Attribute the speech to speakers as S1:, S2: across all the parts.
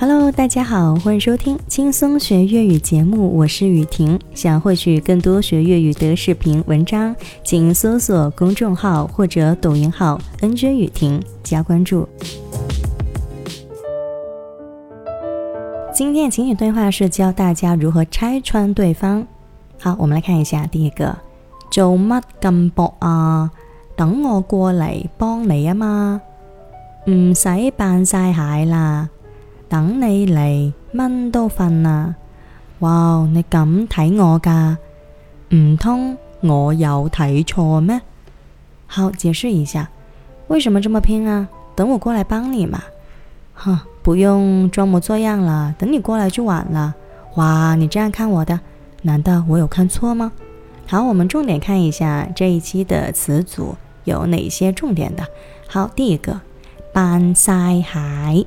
S1: Hello，大家好，歡迎收聽輕鬆學粵語節目，我是宇婷。想獲取更多學粵語的視頻文章，請搜索公眾號或者抖音號“ NJ 宇婷”加關注。今天的情景對話是教大家如何拆穿對方。好，我們來看一下第一個，做乜咁搏啊？等我過嚟幫你啊嘛，唔使扮晒蟹啦。等你嚟，蚊都瞓啦！哇，你咁睇我㗎？啊，唔通我有睇錯咩？好，解釋一下，為什麼這麼拼啊？等我過來幫你嘛。哼，不用裝模作樣了，等你過來就晚了。哇，你這樣看我的？難道我有看錯嗎？好，我們重點看一下這一期的詞組有哪些重點的。好，第一個，扮晒蟹。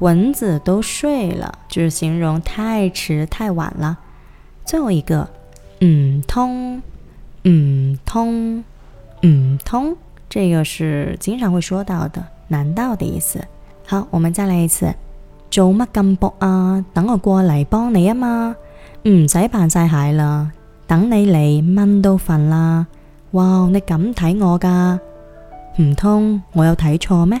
S1: 蚊子都睡了，就是形容太遲太晚了。最後一個，唔通，唔通，唔通，這個是經常會說到的，難道的意思。好，我們再來一次。做乜咁搏啊？等我過嚟幫你啊嘛，唔使扮晒蟹啦。等你嚟，蚊都瞓啦。哇，你咁睇我噶？唔通我有睇錯咩？